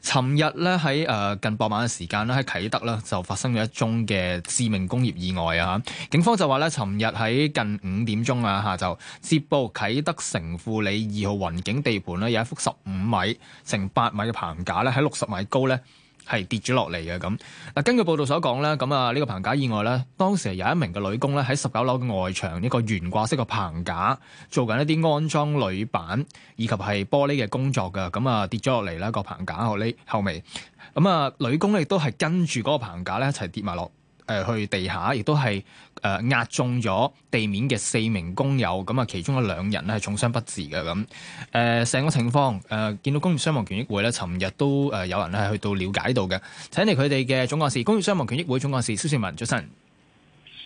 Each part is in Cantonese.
尋日咧喺近傍晚嘅時間咧喺啟德咧就發生咗一宗嘅致命工業意外啊！嚇，警方就話咧，尋日喺近五點鐘啊下晝接報，啟德城富里二號雲景地盤咧有一幅十五米乘八米嘅棚架咧喺六十米高咧。係跌咗落嚟嘅咁。嗱，根據報道所講咧，咁啊呢個棚架意外咧，當時係有一名嘅女工咧喺十九樓嘅外牆一個懸掛式嘅棚架做緊一啲安裝鋁板以及係玻璃嘅工作㗎，咁啊跌咗落嚟啦個棚架後呢後尾，咁啊女工亦都係跟住嗰個棚架咧一齊跌埋落。誒，去地下亦都係誒壓中咗地面嘅四名工友，咁啊其中嘅兩人咧係重傷不治嘅咁。誒、成、呃、個情況誒、呃，見到工業傷亡權益會咧，尋日都誒、呃、有人咧去到了解到嘅，請嚟佢哋嘅總幹事，工業傷亡權益會總幹事蕭倩文，早晨。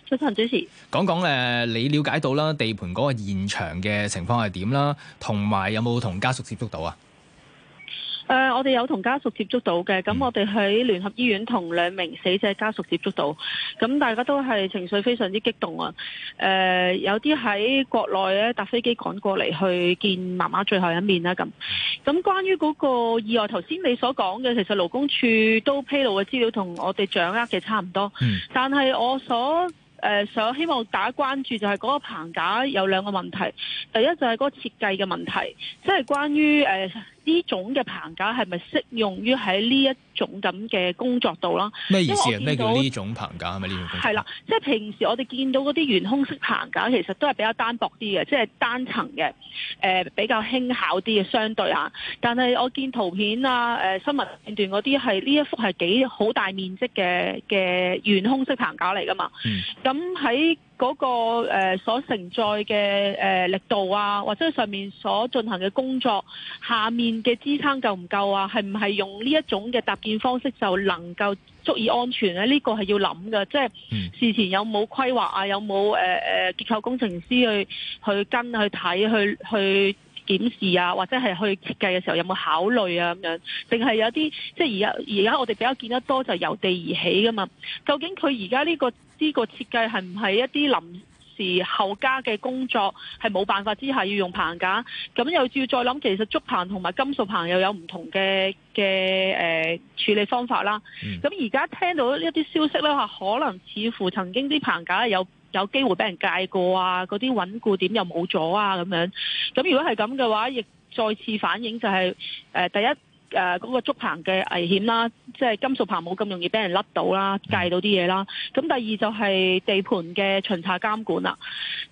早晨主持，講講誒你了解到啦地盤嗰個現場嘅情況係點啦，同埋有冇同家屬接觸到啊？誒、呃，我哋有同家屬接觸到嘅，咁我哋喺聯合醫院同兩名死者家屬接觸到，咁大家都係情緒非常之激動啊！誒、呃，有啲喺國內咧搭飛機趕過嚟去見媽媽最後一面啦，咁。咁關於嗰個意外，頭先你所講嘅，其實勞工處都披露嘅資料同我哋掌握嘅差唔多，嗯、但係我所誒想、呃、希望大家關注就係嗰個棚架有兩個問題，第一就係嗰個設計嘅問題，即係關於誒。呃呢種嘅棚架係咪適用於喺呢一？種咁嘅工作度啦，因為我見到，咩意思？咩叫呢種棚架係咪呢種架？係啦，即係平時我哋見到嗰啲懸空式棚架，其實都係比較單薄啲嘅，即係單層嘅，誒比較輕巧啲嘅相對嚇。但係我見圖片啊，新聞片段嗰啲係呢一幅係幾好大面積嘅嘅懸空式棚架嚟㗎嘛。咁喺嗰個所承載嘅力度啊，或者上面所進行嘅工作，下面嘅支撐夠唔夠啊？係唔係用呢一種嘅搭？方式就能夠足以安全咧？呢個係要諗嘅，即係事前有冇規劃啊？有冇誒誒結構工程師去去跟去睇去去檢視啊？或者係去設計嘅時候有冇考慮啊？咁樣，定係有啲即係而家而家我哋比較見得多就由地而起㗎嘛？究竟佢而家呢個呢個設計係唔係一啲臨？是後加嘅工作係冇辦法之下要用棚架，咁又要再諗。其實竹棚同埋金屬棚又有唔同嘅嘅誒處理方法啦。咁而家聽到一啲消息咧，話可能似乎曾經啲棚架有有機會俾人解過啊，嗰啲穩固點又冇咗啊，咁樣。咁如果係咁嘅話，亦再次反映就係、是、誒、呃、第一。誒嗰、啊那個竹棚嘅危險啦，即係金屬棚冇咁容易俾人甩到啦，計到啲嘢啦。咁第二就係地盤嘅巡查監管啦，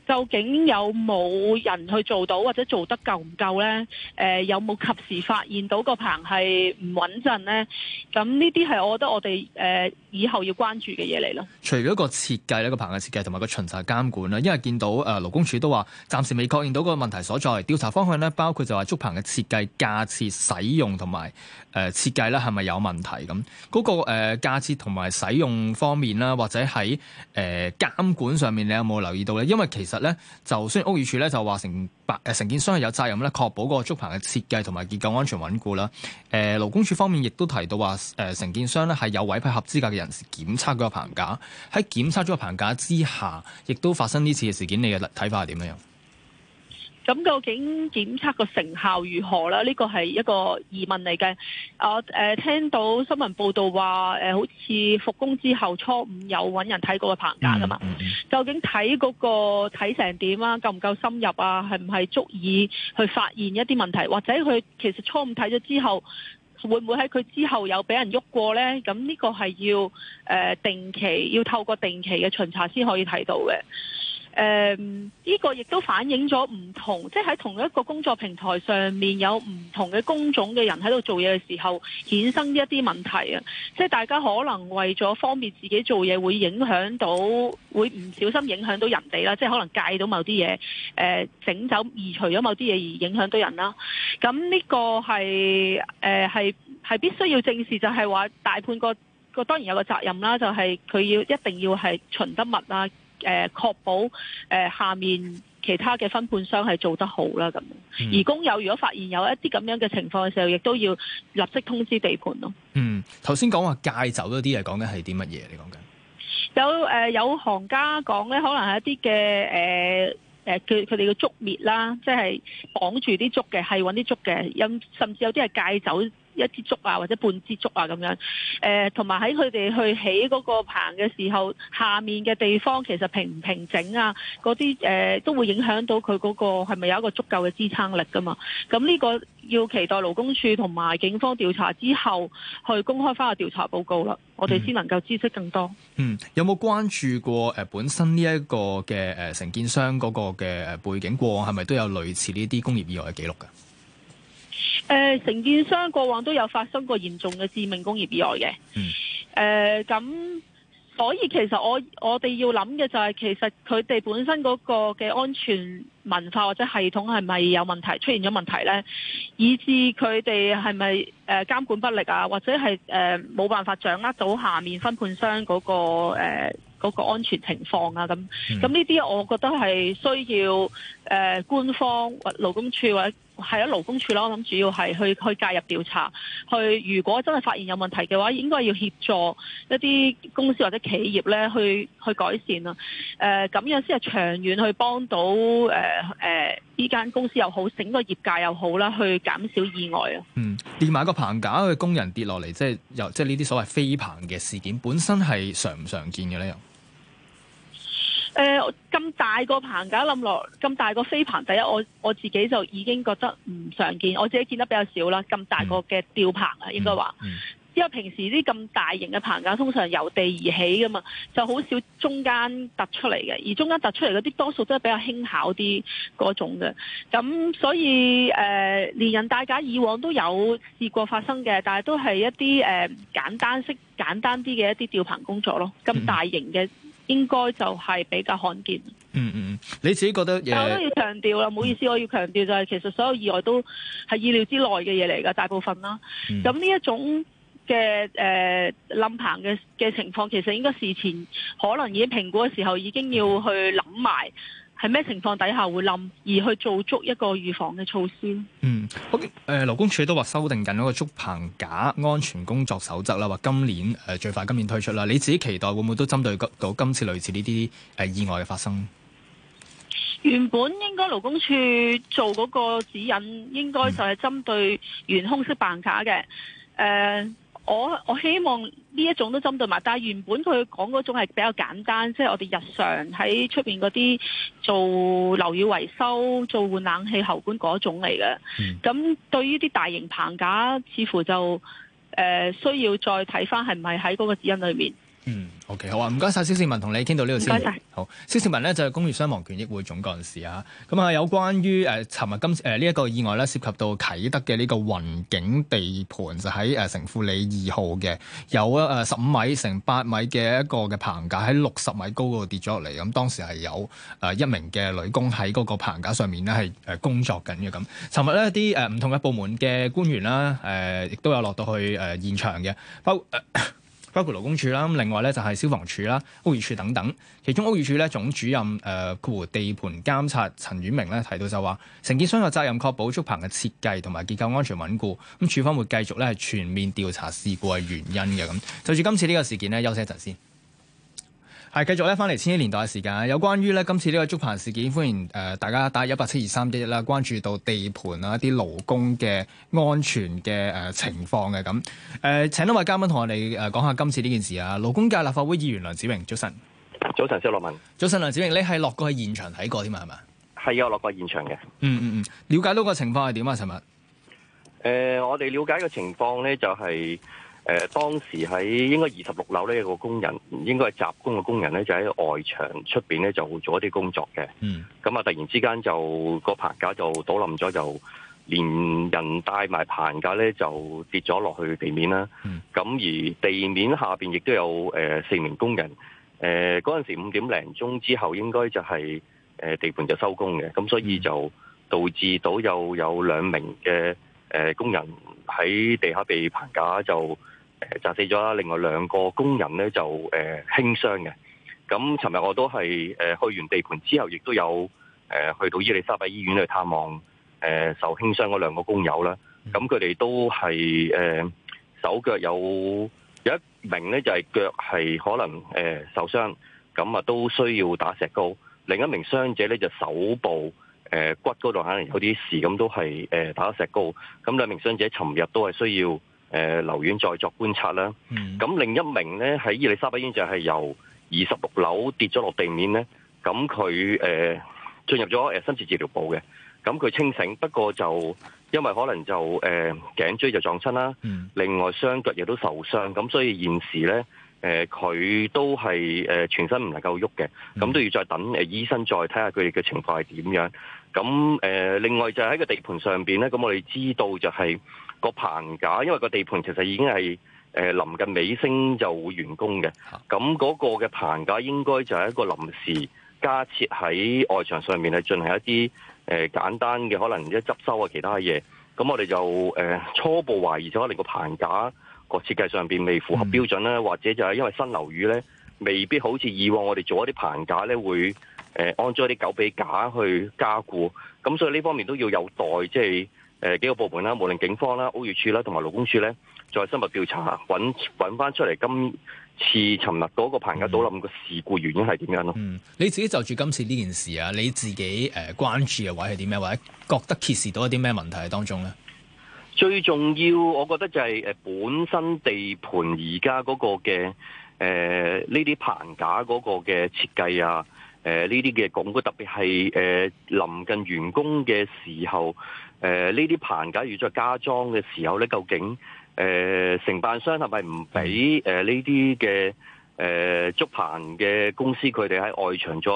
究竟有冇人去做到或者做得夠唔夠呢？誒、啊、有冇及時發現到個棚係唔穩陣呢？咁呢啲係我覺得我哋誒、呃、以後要關注嘅嘢嚟咯。除咗個設計呢，個棚嘅設計同埋個巡查監管啦，因為見到誒勞工處都話暫時未確認到個問題所在，調查方向呢，包括就話竹棚嘅設計、架設、使用同埋。誒，設計咧係咪有問題咁？嗰、那個誒，架設同埋使用方面啦，或者喺誒監管上面，你有冇留意到咧？因為其實咧，就雖然屋宇署咧就話成百誒承建商係有責任咧，確保嗰個竹棚嘅設計同埋結構安全穩固啦。誒、呃，勞工處方面亦都提到話，誒、呃、承建商咧係有委派合資格嘅人士檢測嗰個棚架。喺檢測咗個棚架之下，亦都發生呢次嘅事件。你嘅睇法係點樣？咁究竟檢測個成效如何呢？呢個係一個疑問嚟嘅。我、啊、誒、呃、聽到新聞報道話誒、呃，好似復工之後初五有揾人睇過個棚架㗎嘛？嗯嗯嗯、究竟睇嗰個睇成點啊？夠唔夠深入啊？係唔係足以去發現一啲問題？或者佢其實初五睇咗之後，會唔會喺佢之後有俾人喐過呢？咁呢個係要誒、呃、定期要透過定期嘅巡查先可以睇到嘅。誒、呢、嗯，這個亦都反映咗唔同，即係喺同一個工作平台上面有唔同嘅工種嘅人喺度做嘢嘅時候，衍生一啲問題啊！即、就、係、是，大家可能為咗方便自己做嘢，會影響到，會唔小心影響到人哋啦，即、就、係、是，可能戒到某啲嘢，誒、呃，整走移除咗某啲嘢而影響到人啦。咁呢個係，誒、呃，係係必須要正視，就係、是、話大判個個當然有個責任啦，就係佢要一定要係巡得密啊。誒、呃、確保誒、呃、下面其他嘅分判商係做得好啦，咁，嗯、而工友如果發現有一啲咁樣嘅情況嘅時候，亦都要立即通知地盤咯。嗯，頭先講話戒酒嗰啲嘢講緊係啲乜嘢？你講緊有誒、呃、有行家講咧，可能係一啲嘅誒誒佢佢哋嘅竹篾啦，即係綁住啲竹嘅，係揾啲竹嘅，有甚至有啲係戒酒。一支竹啊，或者半支竹啊咁樣，同埋喺佢哋去起嗰個棚嘅時候，下面嘅地方其實平唔平整啊，嗰啲、呃、都會影響到佢嗰個係咪有一個足夠嘅支撐力㗎嘛？咁呢個要期待勞工處同埋警方調查之後，去公開返個調查報告啦，我哋先能夠知悉更多。嗯，嗯，有冇關注過、呃、本身呢一個嘅誒承建商嗰個嘅背景過往係咪都有類似呢啲工業意外嘅記錄㗎？誒，承建商過往都有發生過嚴重嘅致命工業意外嘅。嗯。誒，咁所以其實我我哋要諗嘅就係，其實佢哋本身嗰個嘅安全文化或者系統係咪有問題，出現咗問題咧，以致佢哋係咪誒監管不力啊，或者係誒冇辦法掌握到下面分判商嗰個誒嗰個安全情況啊？咁咁呢啲，嗯。我覺得係需要誒官方或勞工處或者。係呀，勞工處咯，我諗主要係去去介入調查，去如果真係發現有問題嘅話，應該要協助一啲公司或者企業咧去去改善啦。誒、呃，咁樣先係長遠去幫到誒誒呢間公司又好，整個業界又好啦，去減少意外啊。嗯，跌埋個棚架嘅工人跌落嚟，即係又即係呢啲所謂飛棚嘅事件，本身係常唔常見嘅咧又。誒咁、呃、大個棚架諗落，咁大個飛棚，第一我我自己就已經覺得唔常見，我自己見得比較少啦。咁大個嘅吊棚啊，應該話，嗯嗯、因為平時啲咁大型嘅棚架通常由地而起噶嘛，就好少中間突出嚟嘅，而中間突出嚟嗰啲多數都係比較輕巧啲嗰種嘅。咁所以誒、呃，連人帶架以往都有試過發生嘅，但係都係一啲誒簡單式、簡單啲嘅一啲吊棚工作咯。咁大型嘅。嗯嗯應該就係比較罕見。嗯嗯，你自己覺得？我都要強調啦，唔、嗯、好意思，我要強調就係其實所有意外都係意料之內嘅嘢嚟㗎，大部分啦。咁呢、嗯、一種嘅誒冧棚嘅嘅情況，其實應該事前可能已經評估嘅時候已經要去諗埋。係咩情況底下會冧，而去做足一個預防嘅措施？嗯，好。誒，勞工處都話修訂緊嗰個竹棚架安全工作守則啦，話今年誒、呃、最快今年推出啦。你自己期待會唔會都針對到今次類似呢啲誒意外嘅發生？原本應該勞工處做嗰個指引，應該就係針對懸空式棚架嘅，誒、呃。我我希望呢一種都針對埋，但係原本佢講嗰種係比較簡單，即係我哋日常喺出邊嗰啲做樓宇維修、做換冷氣喉管嗰種嚟嘅。咁、嗯、對於啲大型棚架，似乎就誒、呃、需要再睇翻係唔係喺嗰個指引裏面。嗯，OK，好啊，唔該晒。蕭倩文同你傾到呢度先。謝謝，好，蕭倩文呢，就係工業傷亡權益會總幹事啊。咁啊，有關於誒尋日今誒呢一個意外咧，涉及到啟德嘅呢個雲景地盤，就喺、是、成、呃、城富里二號嘅，有誒十五米乘八米嘅一個嘅棚架喺六十米高嗰度跌咗落嚟。咁當時係有一名嘅女工喺嗰個棚架上面呢，係工作緊嘅咁。尋日呢啲誒唔同嘅部門嘅官員啦，誒、呃、亦都有落到去誒、呃、現場嘅。包。呃包括勞工處啦，咁另外咧就係消防處啦、屋宇處等等。其中屋宇處咧總主任誒、呃、地盤監察陳遠明咧提到就話，承建商有責任確保竹棚嘅設計同埋結構安全穩固。咁處方會繼續咧係全面調查事故嘅原因嘅咁。就住今次呢個事件咧，休息一陣先。係繼續咧，翻嚟千禧年代嘅時間，有關於咧今次呢個竹棚事件，歡迎誒大家打一八七二三一一啦，關注到地盤啊、一啲勞工嘅安全嘅誒情況嘅咁誒，請到位嘉賓同我哋誒講一下今次呢件事啊，勞工界立法會議員梁子穎，早晨。早晨。蕭倩文，早晨。梁子穎，你係落過去現場睇過添啊？係咪？係啊，落過現場嘅。嗯嗯嗯，了解到個情況係點啊？尋日誒，我哋了解嘅情況咧就係、是。誒、呃、當時喺應該二十六樓咧，有個工人，應該係雜工嘅工人咧，就喺外牆出邊咧，就做咗一啲工作嘅。嗯。咁啊，突然之間就個棚架就倒冧咗，就連人帶埋棚架咧就跌咗落去地面啦。咁、嗯、而地面下邊亦都有誒、呃、四名工人。誒嗰陣時五點零鐘之後，應該就係、是、誒、呃、地盤就收工嘅，咁所以就導致到又有，有兩名嘅誒、呃、工人喺地下被棚架就。砸死咗啦！另外兩個工人咧就誒輕傷嘅。咁尋日我都係誒去完地盤之後，亦都有誒去到伊利沙伯醫院去探望誒受輕傷嗰兩個工友啦。咁佢哋都係誒手腳，有有一名咧就係腳係可能誒受傷，咁啊都需要打石膏。另一名傷者咧就手部誒骨嗰度可能有啲事，咁都係誒打咗石膏。咁兩名傷者尋日都係需要。誒、呃、留院再作觀察啦。咁、嗯、另一名咧喺伊利沙伯醫院，就係由二十六樓跌咗落地面咧。咁佢誒進入咗誒深切治療部嘅。咁佢清醒，不過就因為可能就誒、呃、頸椎就撞親啦。嗯、另外雙腳亦都受傷，咁所以現時咧誒佢都係誒、呃、全身唔能夠喐嘅。咁、嗯、都要再等誒、呃、醫生再睇下佢哋嘅情況係點樣。咁誒、呃，另外就喺個地盤上面咧，咁我哋知道就係個棚架，因為個地盤其實已經係誒臨近尾聲就會完工嘅。咁嗰個嘅棚架應該就係一個臨時加設喺外牆上面去進行一啲誒、呃、簡單嘅可能一執收啊其他嘢。咁我哋就誒、呃、初步懷疑，就可能個棚架個設計上面未符合標準咧，嗯、或者就係因為新樓宇咧，未必好似以往我哋做一啲棚架咧會。誒，安裝啲狗臂架去加固，咁所以呢方面都要有待，即係誒、呃、幾個部門啦，無論警方啦、屋宇署啦，同埋勞工處咧，再深入調查，搵返翻出嚟今次尋日嗰個棚架倒冧嘅事故原因係點樣咯。嗯，你自己就住今次呢件事啊，你自己誒、呃、關注嘅位係點咩？或者覺得揭示到一啲咩問題喺當中咧？最重要，我覺得就係誒本身地盤而家嗰個嘅誒呢啲棚架嗰個嘅設計啊。誒呢啲嘅港股，特別係誒臨近完工嘅時候，誒呢啲棚架如再加裝嘅時候咧，究竟誒承辦商係咪唔俾誒呢啲嘅誒竹棚嘅公司佢哋喺外牆再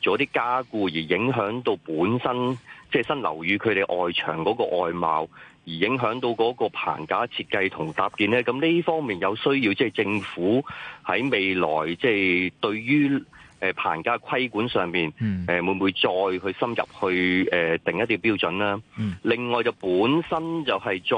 做啲加固，而影響到本身即係新樓宇佢哋外牆嗰個外貌，而影響到嗰個棚架設計同搭建咧？咁呢方面有需要，即係政府喺未來，即係對於。誒棚架規管上面，誒會唔會再去深入去誒定一啲標準啦？另外就本身就係再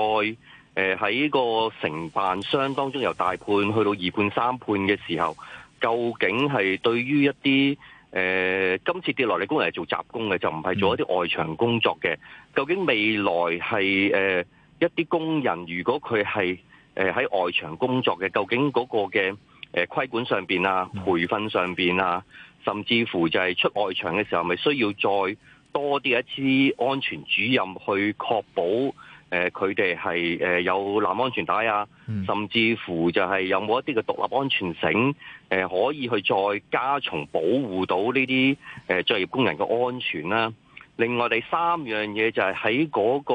誒喺個承辦商當中由大判去到二判三判嘅時候，究竟係對於一啲誒今次跌落嚟工人係做雜工嘅，就唔係做一啲外牆工作嘅，究竟未來係誒一啲工人如果佢係誒喺外牆工作嘅，究竟嗰個嘅？誒、規、呃、管上面啊，培訓上面啊，甚至乎就係出外場嘅時候，咪需要再多啲一啲安全主任去確保誒，佢哋係誒有攬安全帶啊，甚至乎就係有冇一啲嘅獨立安全繩誒、呃，可以去再加重保護到呢啲誒作業工人嘅安全啦、啊。另外，第三樣嘢就係喺嗰個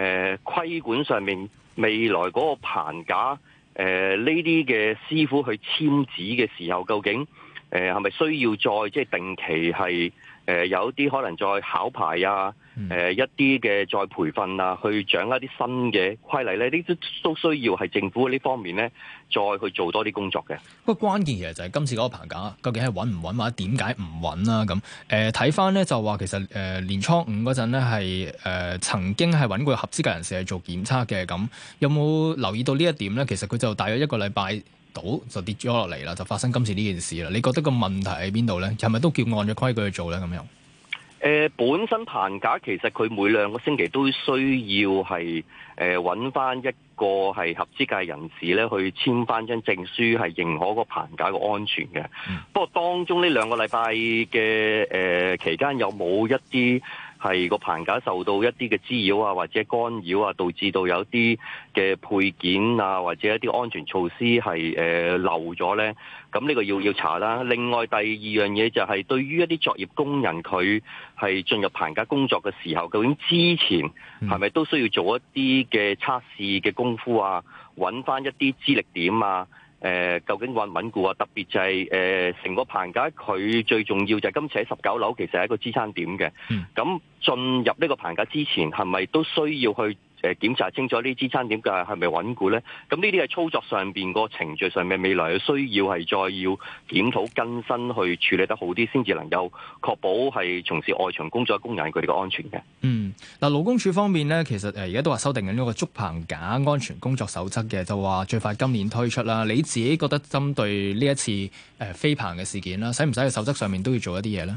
誒、規、呃、管上面，未來嗰個棚架。誒呢啲嘅師傅去簽紙嘅時候，究竟誒係咪需要再即係、就是、定期係誒、呃、有啲可能再考牌啊？誒、嗯呃、一啲嘅再培訓啊，去掌握啲新嘅規例咧，呢啲都需要係政府呢方面咧，再去做多啲工作嘅。不過關鍵是是找找、呃、其實就係今次嗰個棚架究竟係穩唔穩，或者點解唔穩啦？咁誒睇翻咧，就話其實誒年初五嗰陣咧，係誒、呃、曾經係揾過合資格人士去做檢測嘅，咁有冇留意到呢一點咧？其實佢就大約一個禮拜到就跌咗落嚟啦，就發生今次呢件事啦。你覺得個問題喺邊度咧？係咪都叫按咗規矩去做咧？咁樣？本身棚架其實佢每兩個星期都需要係誒揾翻一個係合資格人士呢去簽翻張證書，係認可個棚架個安全嘅。嗯、不過當中呢兩個禮拜嘅誒期間，有冇一啲係個棚架受到一啲嘅滋擾啊，或者干擾啊，導致到有啲嘅配件啊，或者一啲安全措施係誒、呃、漏咗呢？咁呢個要要查啦。另外第二樣嘢就係對於一啲作業工人，佢係進入棚架工作嘅時候，究竟之前係咪都需要做一啲嘅測試嘅功夫啊？搵返一啲支力點啊？呃、究竟穩唔穩固啊？特別就係、是、成、呃、個棚架佢最重要就係今次喺十九樓其實係一個支撐點嘅。咁進、嗯、入呢個棚架之前係咪都需要去？誒檢查清楚呢支撐點架係咪穩固咧？咁呢啲係操作上，邊個程序上面，未來需要係再要檢討更新去處理得好啲，先至能夠確保係從事外牆工作嘅工人佢哋嘅安全嘅。嗯，嗱勞工處方面咧，其實誒而家都話修訂緊一個竹棚架安全工作守則嘅，就話最快今年推出啦。你自己覺得針對呢一次誒飛、呃、棚嘅事件啦，使唔使喺守則上面都要做一啲嘢咧？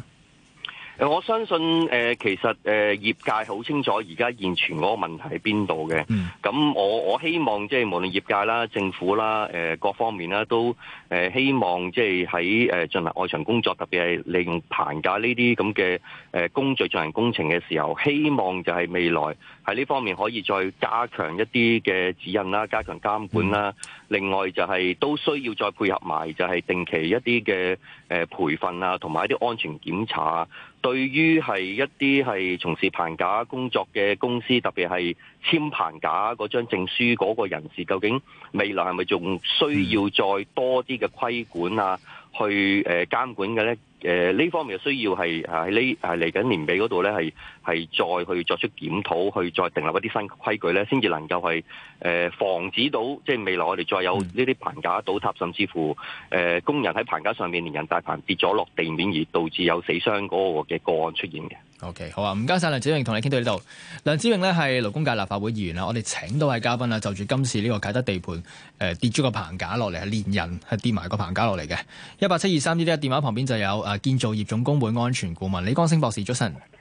我相信誒、呃，其實誒、呃，業界好清楚而家現存嗰個問題喺邊度嘅。咁、mm. 我我希望即係無論業界啦、政府啦、呃、各方面啦，都誒、呃、希望即係喺誒進行外牆工作，特別係利用棚架呢啲咁嘅誒工序進行工程嘅時候，希望就係未來喺呢方面可以再加強一啲嘅指引啦，加強監管啦。Mm. 另外就係都需要再配合埋，就係定期一啲嘅誒培訓啊，同埋一啲安全檢查啊。對於係一啲係從事棚架工作嘅公司，特別係簽棚架嗰張證書嗰個人士，究竟未來係咪仲需要再多啲嘅規管啊？去誒、呃、監管嘅咧，誒、呃、呢方面需要係喺、啊啊、呢係嚟緊年尾嗰度咧，係係再去作出檢討，去再訂立一啲新規矩咧，先至能夠係誒防止到即係未來我哋再有呢啲棚架倒塌，甚至乎誒、呃、工人喺棚架上面連人帶棚跌咗落地面，而導致有死傷嗰個嘅個案出現嘅。O.K. 好啊，唔該晒梁子穎，同你傾到呢度。梁子穎咧係勞工界立法會議員啦，我哋請到位嘉賓啦，就住今次呢個啟德地盤誒、呃、跌咗個棚架落嚟，係連人係跌埋個棚架落嚟嘅，一八七二三呢啲電話旁邊就有建造業總工會安全顧問李光昇博士，早晨。出身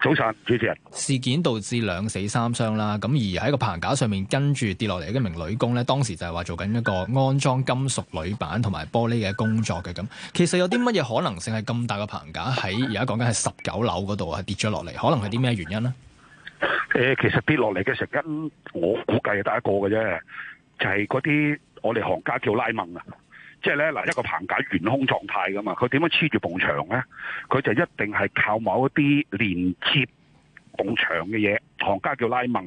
早晨，主持人。事件導致兩死三傷啦，咁而喺個棚架上面跟住跌落嚟嘅一名女工咧，當時就係話做緊一個安裝金屬鋁板同埋玻璃嘅工作嘅咁。其實有啲乜嘢可能性係咁大個棚架喺而家講緊係十九樓嗰度係跌咗落嚟，可能係啲咩原因呢？誒、呃，其實跌落嚟嘅成因，我估計得一個嘅啫，就係嗰啲我哋行家叫拉文。啊。即係咧，嗱，一個棚架懸空狀態噶嘛，佢點樣黐住埲牆咧？佢就一定係靠某一啲連接埲牆嘅嘢，行家叫拉孟，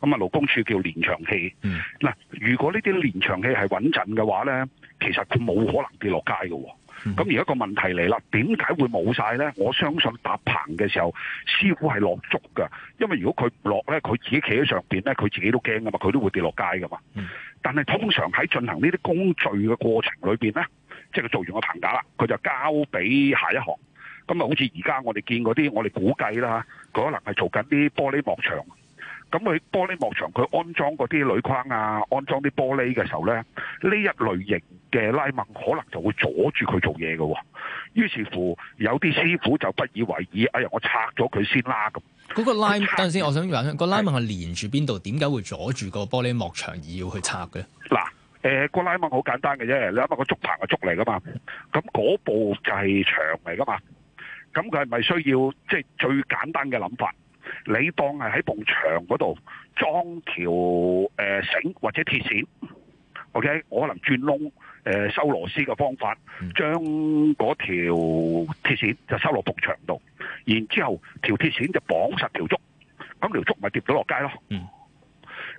咁啊勞工處叫連牆器。嗱、嗯，如果呢啲連牆器係穩陣嘅話咧，其實佢冇可能跌落街㗎喎。咁而家個問題嚟啦，點解會冇晒咧？我相信搭棚嘅時候，師傅係落足㗎！因為如果佢唔落咧，佢自己企喺上面咧，佢自己都驚噶嘛，佢都會跌落街噶嘛。但係通常喺進行呢啲工序嘅過程裏面咧，即係佢做完個棚架啦，佢就交俾下一行。咁啊，好似而家我哋見嗰啲，我哋估計啦，佢可能係做緊啲玻璃幕牆。咁佢玻璃幕牆佢安裝嗰啲鋁框啊，安裝啲玻璃嘅時候咧，呢一類型嘅拉紋可能就會阻住佢做嘢嘅喎。於是乎有啲師傅就不以為意，哎呀，我拆咗佢先啦咁。嗰個拉，等陣等先，我想問下，個拉紋係連住邊度？點解會阻住個玻璃幕牆而要去拆嘅？嗱，誒、呃個拉紋好簡單嘅啫，你諗下個竹棚係竹嚟噶嘛？咁嗰部就係牆嚟噶嘛？咁佢係咪需要即係、即係、最簡單嘅諗法？你當係喺埲牆嗰度裝條誒繩或者鐵線，OK，我可能轉窿誒收螺絲嘅方法，將嗰條鐵線就收落埲牆度，然之後條鐵線就綁實條竹，咁條竹咪跌咗落街咯。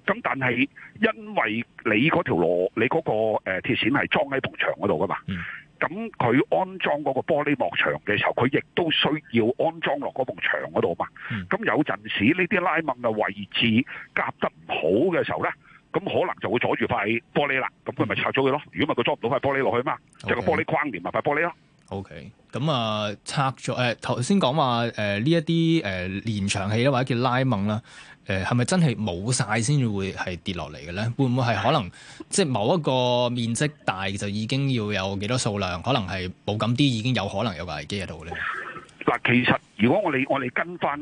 咁但係因為你嗰條螺，你嗰個誒鐵線係裝喺埲牆嗰度噶嘛？嗯咁佢安裝嗰個玻璃幕牆嘅時候，佢亦都需要安裝落嗰幅牆嗰度嘛。咁、嗯、有陣時呢啲拉孟嘅位置夾得唔好嘅時候咧，咁可能就會阻住塊玻璃啦。咁佢咪拆咗佢咯？如果咪佢裝唔到塊玻璃落去嘛，Okay. 即係個玻璃框連埋塊玻璃咯。OK，咁啊、呃、拆咗誒頭先講話呢一啲誒連牆器或者叫拉孟啦。誒係咪真係冇曬先至會係跌落嚟嘅咧？會唔會係可能即係某一個面積大就已經要有幾多數量？可能係冇咁啲已經有可能有危機喺度咧。嗱，其實如果我哋我哋跟翻、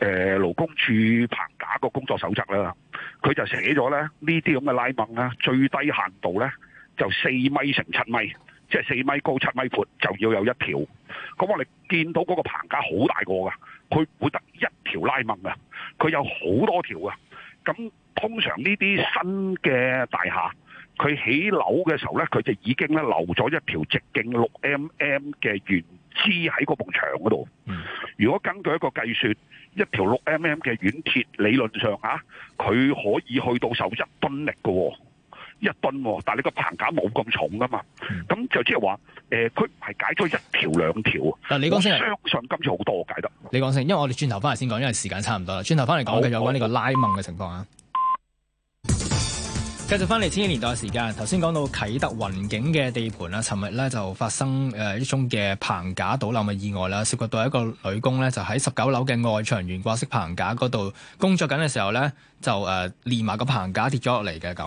呃、勞工處棚架個工作守則啦，佢就寫咗咧呢啲咁嘅拉網咧、啊、最低限度咧就四米乘七米，即係四米高七米闊就要有一條。咁我哋見到嗰個棚架好大個㗎。佢會得一條拉紋啊！佢有好多條啊！咁通常呢啲新嘅大廈，佢起樓嘅時候呢，佢就已經咧留咗一條直徑六 mm 嘅原枝喺嗰棟牆嗰度。嗯、如果根據一個計算，一條六 mm 嘅軟鐵理論上啊，佢可以去到受一噸力嘅喎、哦。一噸喎、哦，但係你個棚架冇咁重噶嘛？咁、嗯、就即係話，誒、呃，佢係解咗一條兩條，但係你講聲，相信今次好多我解得。你講聲，因為我哋轉頭翻嚟先講，因為時間差唔多啦。轉頭翻嚟講，我吧繼續講呢個拉掹嘅情況啊。繼續翻嚟千禧年代時間，頭先講到啟德雲景嘅地盤啦，尋日咧就發生誒一種嘅棚架倒冧嘅意外啦，涉及到一個女工咧就喺十九樓嘅外牆懸掛式棚架嗰度工作緊嘅時候咧，就誒、呃、連埋個棚架跌咗落嚟嘅咁，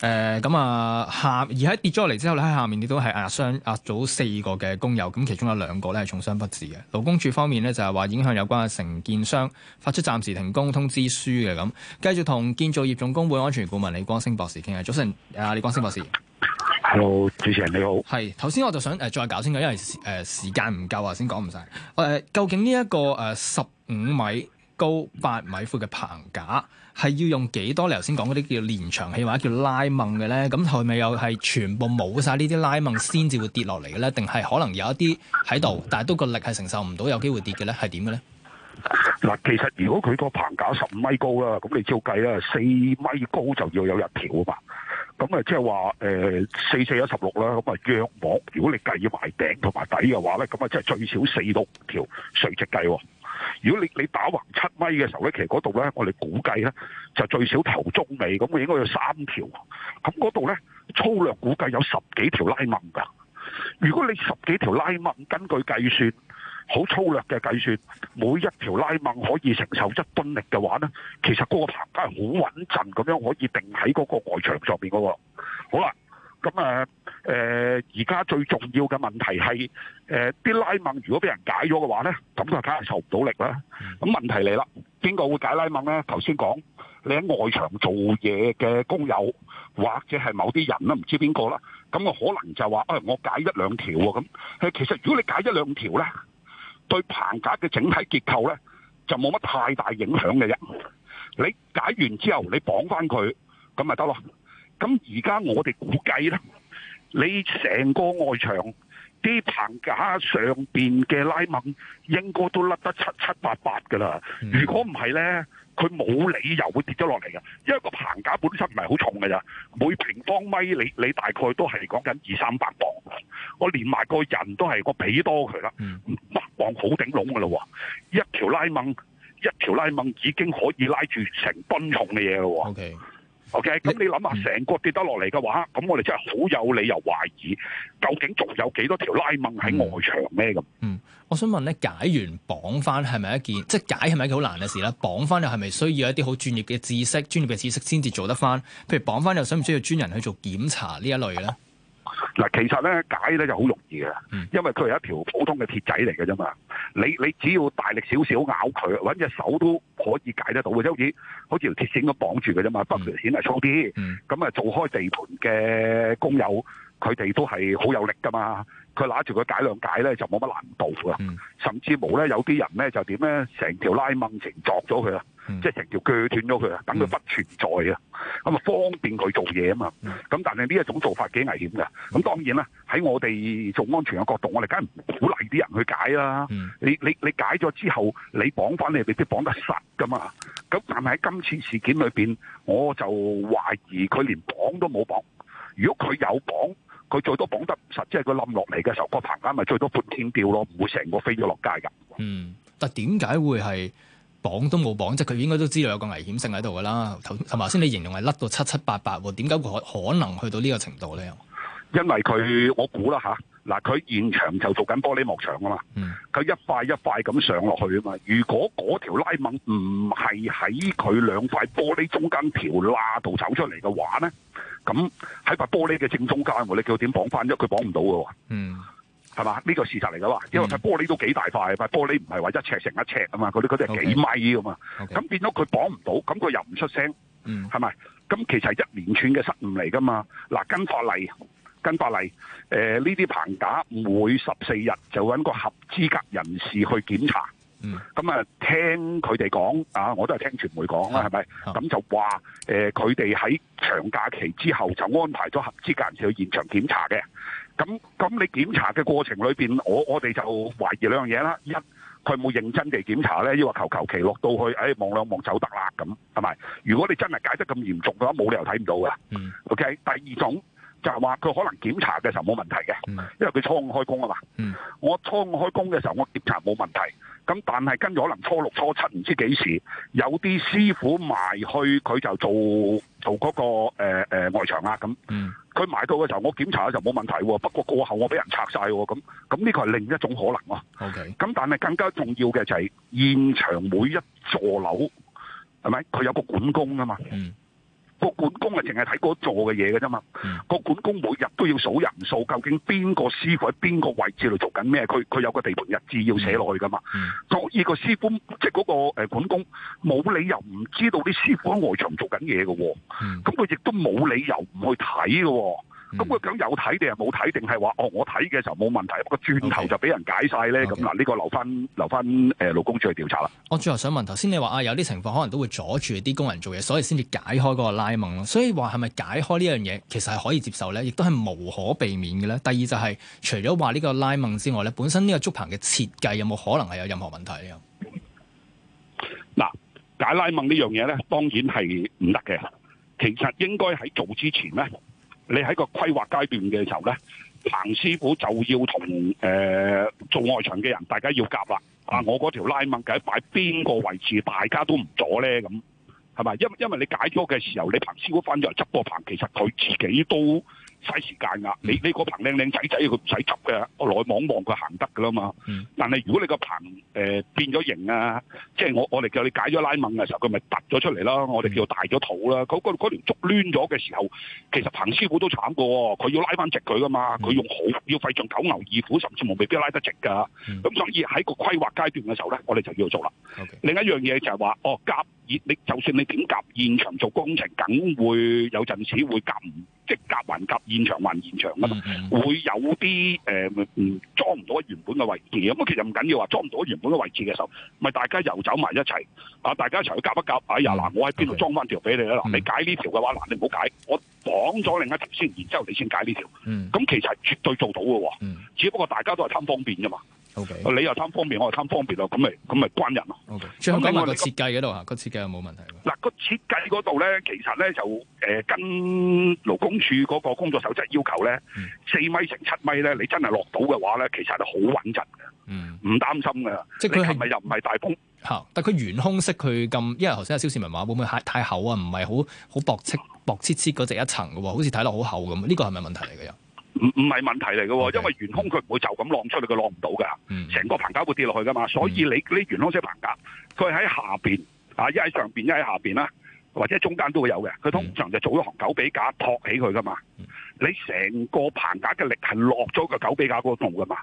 誒咁、呃、啊下而喺跌咗落嚟之後咧喺下面亦都係壓傷壓咗四個嘅工友，咁其中有兩個咧係重傷不治嘅。勞工處方面咧就係話影響有關嘅承建商發出暫時停工通知書嘅咁，繼續同建造業總工會安全顧問李光昇博士，早晨，阿李光昇博士，Hello，主持人你好。係頭先我就想誒、呃、再搞清楚，因為誒、呃、時間唔夠啊，先講唔晒。誒、呃。究竟呢、這、一個誒十五米高、八米闊嘅棚架係要用幾多？你頭先講嗰啲叫連牆器或者叫拉掹嘅咧，咁係咪又係全部冇晒呢啲拉掹先至會跌落嚟嘅咧？定係可能有一啲喺度，但係都個力係承受唔到，有機會跌嘅咧，係點嘅咧？嗱，其實如果佢個棚架十五米高啦，咁你照計啦，四米高就要有一條啊嘛。咁啊，即係話誒四四一十六啦，咁啊約莫。如果你計埋頂同埋底嘅話咧，咁啊即係最少四五條垂直計。如果你你打橫七米嘅時候咧，其實嗰度咧，我哋估計咧就最少頭中尾，咁啊應該有三條。咁嗰度咧粗略估計有十幾條拉孟㗎。如果你十幾條拉孟，根據計算。好粗略嘅計算，每一條拉孟可以承受一噸力嘅話咧，其實嗰個棚梗係好穩陣咁樣可以定喺嗰個外牆上面嗰、那個。好啦，咁誒而家最重要嘅問題係誒啲拉孟如果俾人解咗嘅話咧，咁就梗係受唔到力啦。咁問題嚟啦，邊個會解拉孟咧？頭先講你喺外牆做嘢嘅工友，或者係某啲人啦，唔知邊個啦，咁我可能就話，哎，我解一兩條喎。咁其實如果你解一兩條咧，對棚架嘅整體結構咧，就冇乜太大影響嘅啫。你解完之後，你綁翻佢，咁咪得咯。咁而家我哋估計啦，你成個外牆啲棚架上邊嘅拉猛，應該都甩得七七八八噶啦。嗯，如果唔係咧，佢冇理由會跌咗落嚟嘅，因為個棚架本身唔係好重㗎咋。每平方米，你你大概都係講緊二三百磅。我連埋個人都係個比多佢啦，百磅好頂籠㗎咯喎。一條拉掹，一條拉掹已經可以拉住成噸重嘅嘢咯喎。OK OK，咁你諗下成個跌得落嚟嘅話，咁我哋真係好有理由懷疑，究竟仲有幾多條拉掹喺外牆咩咁？嗯嗯。我想問咧，解完綁翻係咪一件，即係解係咪一件好難嘅事咧？綁翻又係咪需要一啲好專業嘅知識、專業嘅知識先至做得翻？譬如綁翻又需唔需要專人去做檢查呢一類咧？嗱，其實咧解咧就好容易嘅，因為佢係一條普通嘅鐵仔嚟嘅啫嘛。你你只要大力少少咬佢，揾隻手都可以解得到嘅，即好似好似條鐵線咁綁住嘅啫嘛。不過條線係粗啲，咁啊、嗯、做開地盤嘅工友，佢哋都係好有力噶嘛。佢拿住佢解兩解咧就冇乜難度噶，嗯、甚至冇咧有啲人咧就點咧？成條拉掹繩作咗佢啦，即係成條鋸斷咗佢啊，等佢不存在啊，咁啊、嗯、方便佢做嘢啊嘛。咁、嗯、但係呢一種做法幾危險噶。咁、嗯、當然啦，喺我哋做安全嘅角度，我哋梗係唔鼓勵啲人去解啦、嗯。你你你解咗之後，你綁翻你，未必綁得實噶嘛。咁但係喺今次事件裏面，我就懷疑佢連綁都冇綁。如果佢有綁，佢最多綁得實，即係佢冧落嚟嘅時候，個棚架咪最多半天掉咯，唔會成個飛咗落街噶。嗯，但點解會係綁都冇綁？即係佢應該都知道有個危險性喺度噶啦。頭頭先，你形容係甩到七七八八，點解可可能去到呢個程度咧？因為佢我估啦吓，嗱佢現場就做緊玻璃幕牆啊嘛，佢一塊一塊咁上落去啊嘛。如果嗰條拉掹唔係喺佢兩塊玻璃中間條罅度走出嚟嘅話咧？咁喺塊玻璃嘅正中間，你叫佢點綁翻啫？佢綁唔到㗎喎，嗯，係嘛？呢個事實嚟㗎嘛，因為塊玻璃都幾大塊，塊玻璃唔係話一尺成一尺啊嘛，嗰啲嗰啲係幾米啊嘛，咁 okay, okay, 變咗佢綁唔到，咁佢又唔出聲，係咪、嗯？咁其實係一連串嘅失誤嚟㗎嘛。嗱、啊，跟法例，跟法例，誒呢啲棚架每十四日就揾個合資格人士去檢查。咁啊、嗯，聽佢哋講啊，我都係聽傳媒講啦，係咪？咁就話誒，佢哋喺長假期之後就安排咗合資格人士去現場檢查嘅。咁咁，你檢查嘅過程裏邊，我我哋就懷疑兩樣嘢啦。一，佢冇認真地檢查咧？要話求求其落到去，誒、哎、望兩望走得啦，咁係咪？如果你真係解得咁嚴重嘅話，冇理由睇唔到噶。嗯、OK，第二種。就係話佢可能檢查嘅時候冇問題嘅，嗯、因為佢初五開工啊嘛。嗯、我初五開工嘅時候，我檢查冇問題。咁但係跟住可能初六、初七唔知幾時，有啲師傅埋去佢就做做嗰、嗰個、呃呃、外牆啊咁。佢埋到嘅時候，我檢查嘅時候冇問題喎。不過過後我俾人拆曬喎咁。咁呢個係另一種可能咯、啊。咁 Okay. 但係更加重要嘅就係現場每一座樓係咪佢有個管工啊嘛？嗯個管工啊，淨係睇嗰座嘅嘢嘅啫嘛。個管工每日都要數人數，究竟邊個師傅喺邊個位置度做緊咩？佢佢有個地盤日誌要寫落去噶嘛。嗯、所以嗰個師傅即係、那、嗰個誒、呃、管工，冇理由唔知道啲師傅喺外牆做緊嘢噶。咁佢亦都冇理由唔去睇噶、哦。咁佢咁有睇定係冇睇，定係話哦？我睇嘅時候冇問題，個轉頭就俾人解晒咧。咁嗱，呢個留翻留翻誒勞工處去調查啦。我最後想問，頭先你話啊，有啲情況可能都會阻住啲工人做嘢，所以先至解開嗰個拉夢咯。所以話係咪解開呢樣嘢，其實係可以接受咧，亦都係無可避免嘅咧。第二就係、是、除咗話呢個拉夢之外咧，本身呢個竹棚嘅設計有冇可能係有任何問題咧？嗱，解拉夢呢樣嘢咧，當然係唔得嘅。其實應該喺做之前咧。你喺個規劃階段嘅時候咧，彭師傅就要同誒、呃、做外牆嘅人，大家要夾啦。啊，我嗰條拉文計擺邊個位置，大家都唔阻咧，咁係咪？因為因為你解咗嘅時候，你彭師傅翻咗嚟執個棚，其實佢自己都。嘥時間啊！你你個棚靚靚仔仔佢唔使執嘅，我內望望佢行得噶啦嘛。嗯、但係如果你個棚誒、呃、變咗形啊，即係我我哋叫你解咗拉掹嘅時候，佢咪凸咗出嚟咯。嗯、我哋叫大咗肚啦。嗰條竹攣咗嘅時候，其實彭師傅都慘過，佢要拉翻直佢噶嘛。佢、嗯、用好要費盡九牛二虎，甚至乎未必拉得直噶。咁、嗯嗯、所以喺個規劃階段嘅時候咧，我哋就要做啦。Okay. 另一樣嘢就係話，哦夾你就算你點夾現場做工程，梗會有陣時會夾唔。即係夾還夾現場還現場啊嘛，嗯嗯、會有啲誒唔裝唔到原本嘅位置，咁其實唔緊要話裝唔到原本嘅位置嘅時候，咪大家又走埋一齊啊！大家一齊去夾一夾哎呀嗱，嗯、我喺邊度裝翻條俾你嗱、嗯嗯，你解呢條嘅話，嗱你唔好解，我綁咗另一條先，然之後你先解呢條，咁其實絕對做到嘅喎，嗯、只不過大家都係貪方便嘅嘛。O Okay . K，你又貪方便，我又貪方便咯，咁咪咁咪關人咯。O Okay. 麼最後講下個設計嗰度嚇，設個設計有冇問題？嗱，個設計嗰度咧，其實咧就誒、呃、跟勞工處嗰個工作守則要求咧，四、嗯、米乘七米咧，你真係落到嘅話咧，其實係好穩陣嘅，唔、嗯、擔心嘅。即係佢係咪又唔係大風？嚇！但係佢懸空式佢咁，因為頭先阿蕭倩文話會唔會太厚啊？唔係好好薄切薄切切嗰只一層嘅喎，好似睇落好厚咁。呢、這個係咪問題嚟嘅？又？唔唔係問題嚟嘅，因為懸空佢唔會就咁晾出嚟，佢晾唔到噶，成個棚架會跌落去噶嘛，所以你啲懸空式棚架，佢喺下面，啊一喺上面，一喺下面啦，或者中間都會有嘅，佢通常就做咗行九比架托起佢噶嘛。你成個棚架嘅力係落咗個狗臂架嗰度噶嘛？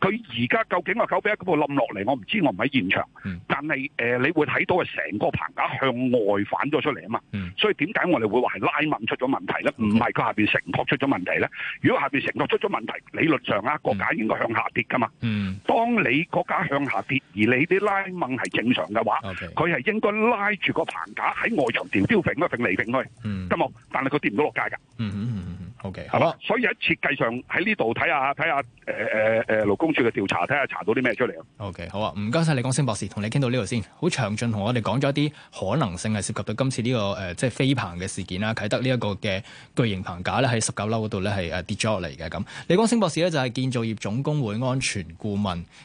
佢而家究竟個狗臂架嗰度冧落嚟，我唔知，我唔喺現場。嗯、但係、呃、你會睇到係成個棚架向外反咗出嚟啊嘛。嗯、所以點解我哋會話係拉掹出咗問題咧？唔係佢下面承托出咗問題咧？如果下面承托出咗問題，理論上啊個架應該向下跌噶嘛。當、嗯、當你個架向下跌，而你啲拉掹係正常嘅話，佢係 Okay. 應該拉住個棚架喺外牆吊吊揈啊揈嚟揈去。揈嚟揈去嗯，得但係佢跌唔到落街㗎。嗯嗯嗯嗯 O K，係嘛？Okay, 啊、所以喺設計上在這裡看看，喺呢度睇下睇下，誒誒誒勞工處嘅調查，睇下查到啲咩出嚟啊？O K，好啊，唔該晒，李光昇博士，同你傾到呢度先。好詳盡同我哋講咗一啲可能性係涉及到今次呢個誒，即係飛棚嘅事件啦。啟德呢一個嘅巨型棚架咧，喺十九樓嗰度咧係誒跌咗落嚟嘅咁。李光昇博士咧就係建造業總工會安全顧問。